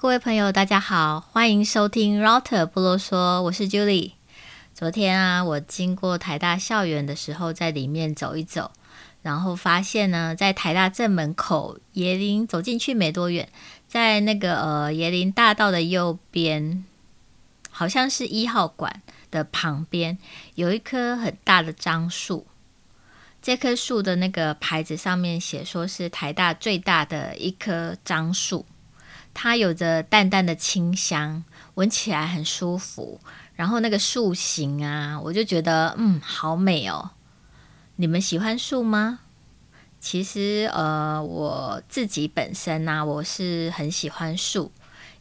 各位朋友，大家好，歡迎收聽 Router 不囉嗦。我是 Julie。昨天啊，我經過台大校園的時候，在裡面走一走，然後發現呢，在台大正門口，椰林走進去沒多遠，在那個呃椰林大道的右邊，好像是一號館的旁邊，有一棵很大的樟樹。這棵樹的那個牌子上面寫說是台大最大的一棵樟樹。它有着淡淡的清香，聞起來很舒服。然後那個樹形啊，我就覺得，嗯，好美哦。你們喜歡樹嗎？其實，呃，我自己本身呢、啊，我是很喜歡樹，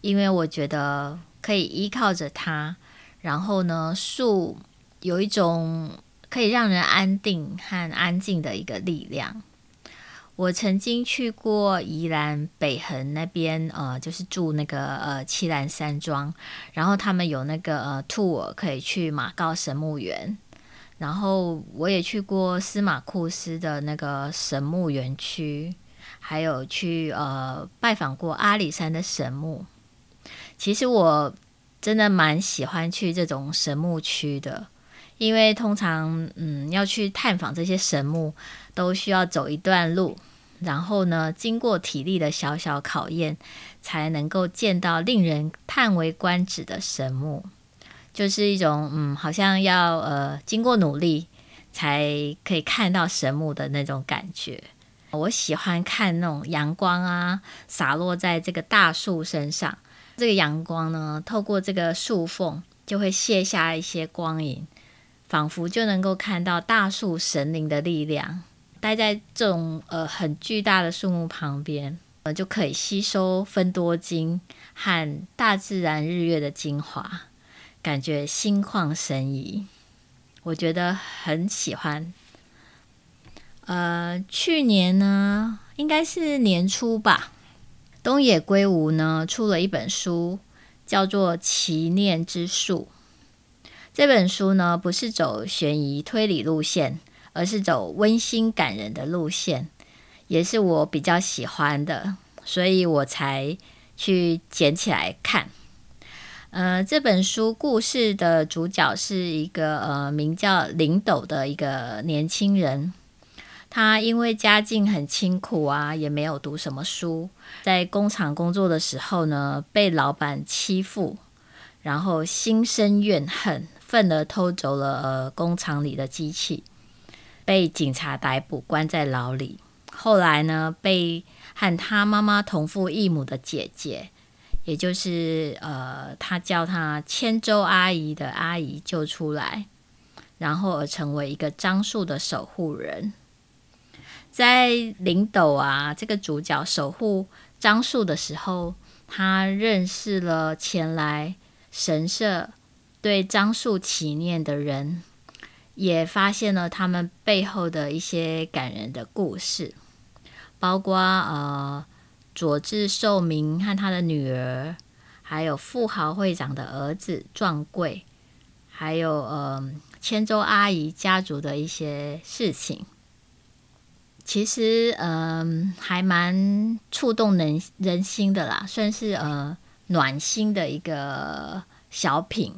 因為我覺得可以依靠着它。然後呢，樹有一種可以讓人安定和安靜的一個力量。我曾經去過宜蘭北橫那邊，呃，就是住那個呃七蘭山莊，然後他們有那個呃兔 u 可以去馬告神墓園，然後我也去過司馬庫斯的那個神墓園區，還有去呃拜訪過阿里山的神木。其實我真的蠻喜歡去這種神木區的，因為通常嗯要去探訪這些神木都需要走一段路。然後呢，經過體力的小小考驗，才能夠見到令人嘆為觀止的神木，就是一種嗯，好像要呃經過努力才可以看到神木的那種感覺。我喜歡看那種陽光啊灑落在這個大樹身上，這個陽光呢透過這個樹縫就會卸下一些光影，仿佛就能夠看到大樹神靈的力量。待在這種呃很巨大的樹木旁邊，呃就可以吸收芬多精和大自然日月的精華，感覺心曠神怡，我覺得很喜歡。呃，去年呢，應該是年初吧，東野圭吾呢出了一本書，叫做《祈念之樹》。這本書呢，不是走懸疑推理路線。而是走溫馨感人的路線，也是我比較喜歡的，所以我才去撿起來看。呃，這本書故事的主角是一個呃名叫林斗的一個年輕人，他因為家境很清苦啊，也沒有讀什麼書，在工廠工作的時候呢，被老板欺負，然後心生怨恨，憤而偷走了，呃，工廠裡的機器。被警察逮捕，關在牢裡。後來呢，被和他媽媽同父異母的姐姐，也就是呃，他叫他千舟阿姨的阿姨救出來，然後而成為一個樟樹的守護人。在玲斗啊，這個主角守護樟樹的時候，他認識了前來神社對樟樹祈念的人。也發現了他們背後的一些感人的故事，包括呃佐治壽明和他的女兒，還有富豪會長的兒子壯貴，還有呃千舟阿姨家族的一些事情。其實嗯、呃，還蠻觸動人人心的啦，算是呃暖心的一個小品。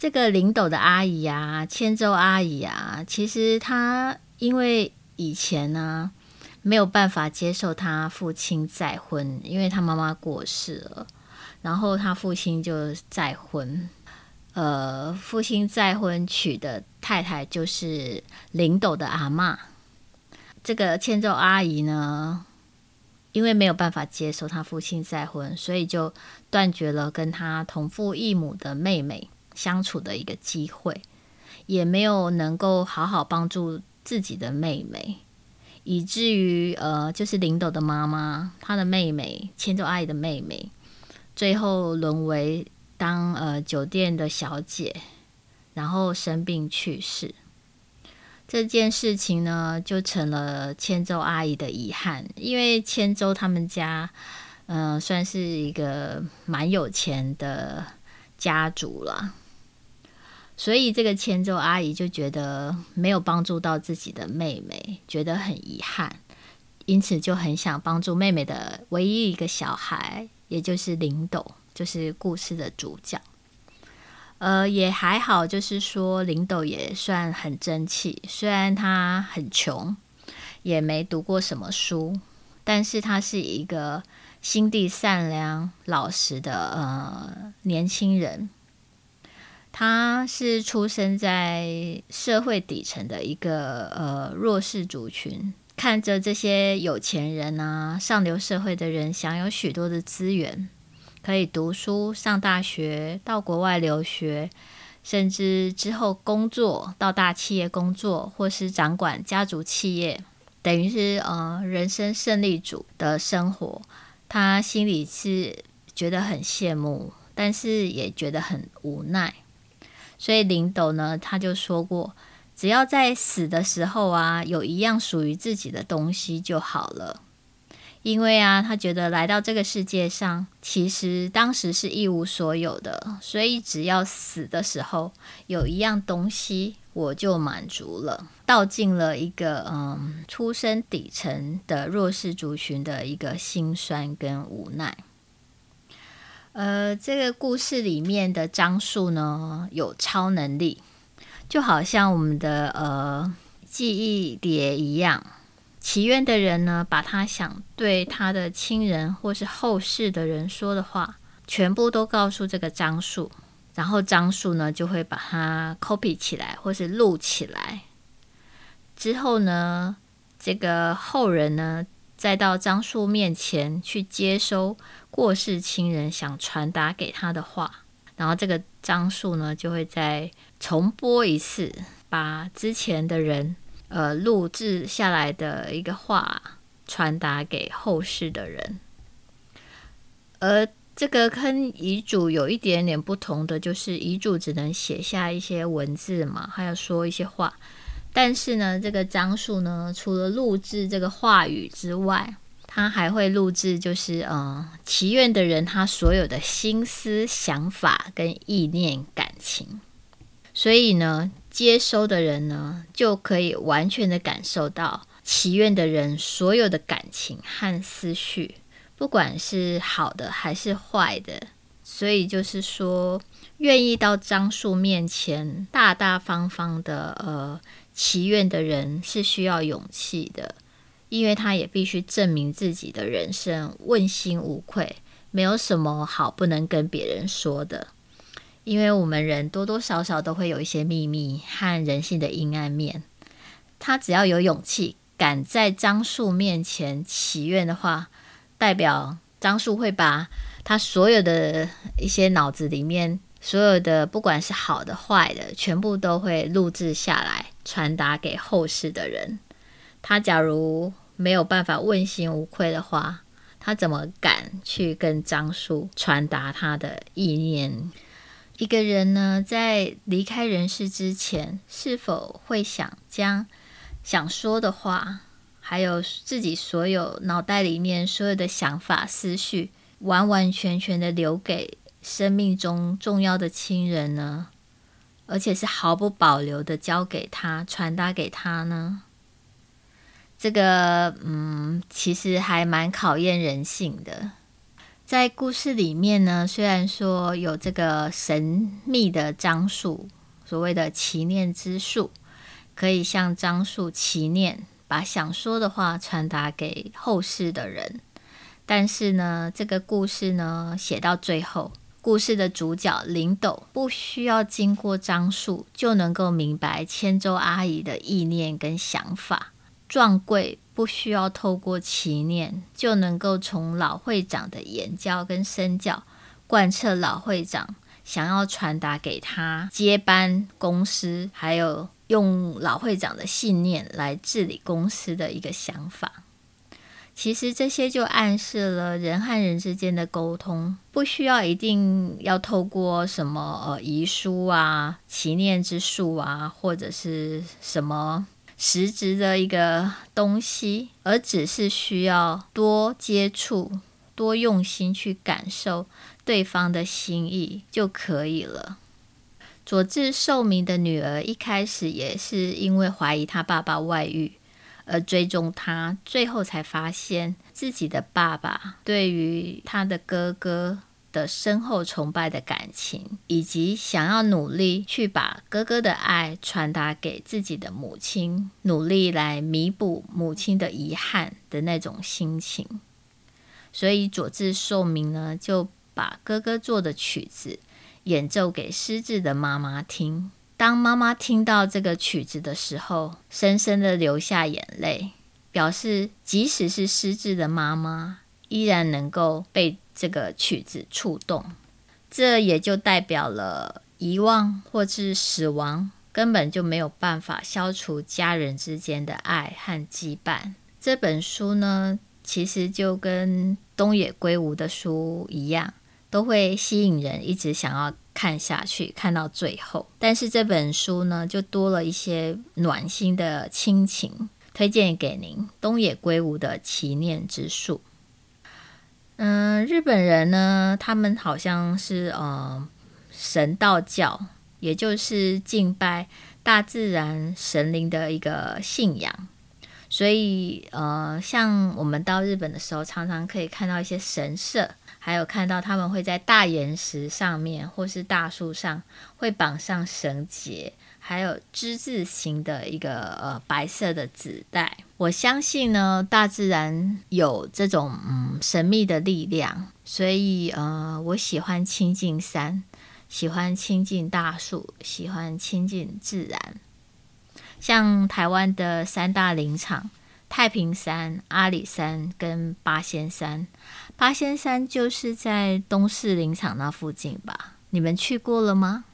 這個玲斗的阿姨啊，千舟阿姨啊，其實她因為以前呢沒有辦法接受她父親再婚，因為她媽媽過世了，然後她父親就再婚，呃，父親再婚娶的太太就是玲斗的阿嬤。這個千舟阿姨呢，因為沒有辦法接受她父親再婚，所以就斷絕了跟她同父異母的妹妹相處的一個機會，也沒有能夠好好幫助自己的妹妹，以至於呃，就是玲斗的媽媽，她的妹妹、千舟阿姨的妹妹，最後淪為當呃酒店的小姐，然後生病去世。這件事情呢，就成了千舟阿姨的遺憾，因為千舟他們家，嗯、呃，算是一個蠻有錢的家族了。所以這個千舟阿姨就覺得沒有幫助到自己的妹妹，覺得很遺憾，因此就很想幫助妹妹的唯一一個小孩，也就是玲斗，就是故事的主角。呃，也還好，就是說玲斗也算很爭氣，雖然他很窮，也沒讀過什麼書，但是他是一個心地善良、老實的呃年輕人。他是出生在社會底層的一個呃弱勢族群，看着這些有錢人啊、上流社會的人享有許多的資源，可以讀書、上大學、到國外留學，甚至之後工作、到大企業工作，或是掌管家族企業，等於是呃人生勝利組的生活。他心裡是覺得很羨慕，但是也覺得很無奈。所以玲斗呢，他就說過，只要在死的時候啊，有一樣屬於自己的東西就好了。因為啊，他覺得來到這個世界上，其實當時是一無所有的，所以只要死的時候有一樣東西，我就滿足了。道盡了一個嗯，出身底層的弱勢族群的一個心酸跟無奈。呃，這個故事裡面的樟樹呢，有超能力，就好像我們的呃記憶碟一樣。祈願的人呢，把他想對他的親人或是後世的人說的話，全部都告訴這個樟樹，然後樟樹呢就會把它 copy 起來，或是錄起來。之後呢，這個後人呢。再到樟樹面前去接收過世親人想傳達給他的話，然後這個樟樹呢就會再重播一次，把之前的人呃錄制下來的一個話傳達給後世的人。而這個跟遺囑有一點點不同的，就是遺囑只能寫下一些文字嘛，還要說一些話。但是呢，這個樟樹呢，除了錄製這個話語之外，他還會錄製就是呃，祈願的人他所有的心思、想法跟意念、感情。所以呢，接收的人呢，就可以完全的感受到祈願的人所有的感情和思緒，不管是好的還是壞的。所以就是說，願意到樟樹面前大大方方的呃。祈願的人是需要勇氣的，因為他也必須證明自己的人生問心無愧，沒有什麼好不能跟別人說的。因為我們人多多少少都會有一些秘密和人性的陰暗面，他只要有勇氣敢在張樹面前祈願的話，代表張樹會把他所有的一些腦子裡面。所有的不管是好的壞的，全部都會錄制下來，傳達給後世的人。他假如沒有辦法問心無愧的話，他怎麼敢去跟樟樹傳達他的意念？一個人呢，在離開人世之前，是否會想將想說的話，還有自己所有腦袋裡面所有的想法、思緒，完完全全的留給？生命中重要的親人呢？而且是毫不保留地交給他，傳達給他呢？這個嗯，其實還蠻考驗人性的。在故事裡面呢，雖然說有這個神秘的樟樹，所謂的祈念之樹，可以向樟樹祈念，把想說的話傳達給後世的人，但是呢，這個故事呢，寫到最後。故事的主角玲斗不需要經過樟樹，就能夠明白千舟阿姨的意念跟想法。壯貴不需要透過祈念，就能夠從老會長的言教跟身教，貫徹老會長想要傳達給他接班公司，還有用老會長的信念來治理公司的一個想法。其實這些就暗示了人和人之間的溝通，不需要一定要透過什麼呃遺書啊、祈念之樹啊，或者是什麼實質的一個東西，而只是需要多接觸、多用心去感受對方的心意就可以了。佐治壽明的女兒一開始也是因為懷疑他爸爸外遇，而追蹤他，最後才發現自己的爸爸對於他的哥哥的深厚崇拜的感情，以及想要努力去把哥哥的愛傳達給自己的母親，努力來彌補母親的遺憾的那種心情。所以佐治壽明呢，就把哥哥作的曲子演奏給失智的媽媽聽。當媽媽聽到這個曲子的時候，深深的流下眼淚，表示即使是失智的媽媽，依然能夠被這個曲子觸動。這也就代表了遺忘或是死亡，根本就沒有辦法消除家人之間的愛和羈絆。這本書呢，其實就跟東野圭吾的書一樣。都會吸引人一直想要看下去，看到最後。但是這本書呢，就多了一些暖心的親情，推薦給您。東野圭吾的《祈念之樹》。嗯，日本人呢，他們好像是呃神道教，也就是敬拜大自然神靈的一個信仰。所以呃，像我們到日本的時候，常常可以看到一些神社。還有看到他們會在大岩石上面或是大樹上會綁上繩結，還有之字形的一個呃白色的紙帶。我相信呢，大自然有這種嗯神秘的力量，所以呃，我喜歡親近山，喜歡親近大樹，喜歡親近自然。像台灣的三大林場——太平山、阿里山跟八仙山。八仙山就是在東四林場那附近吧？你們去過了嗎？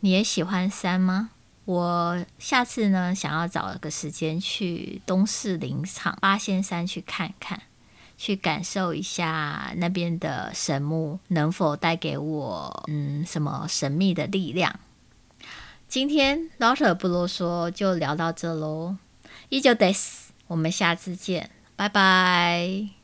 你也喜歡山嗎？我下次呢，想要找個時間去東四林場八仙山去看看，去感受一下那邊的神木能否帶給我嗯什麼神秘的力量。今天老 r 不囉嗦，就聊到這嘍。依舊 g y a 我們下次見，拜拜。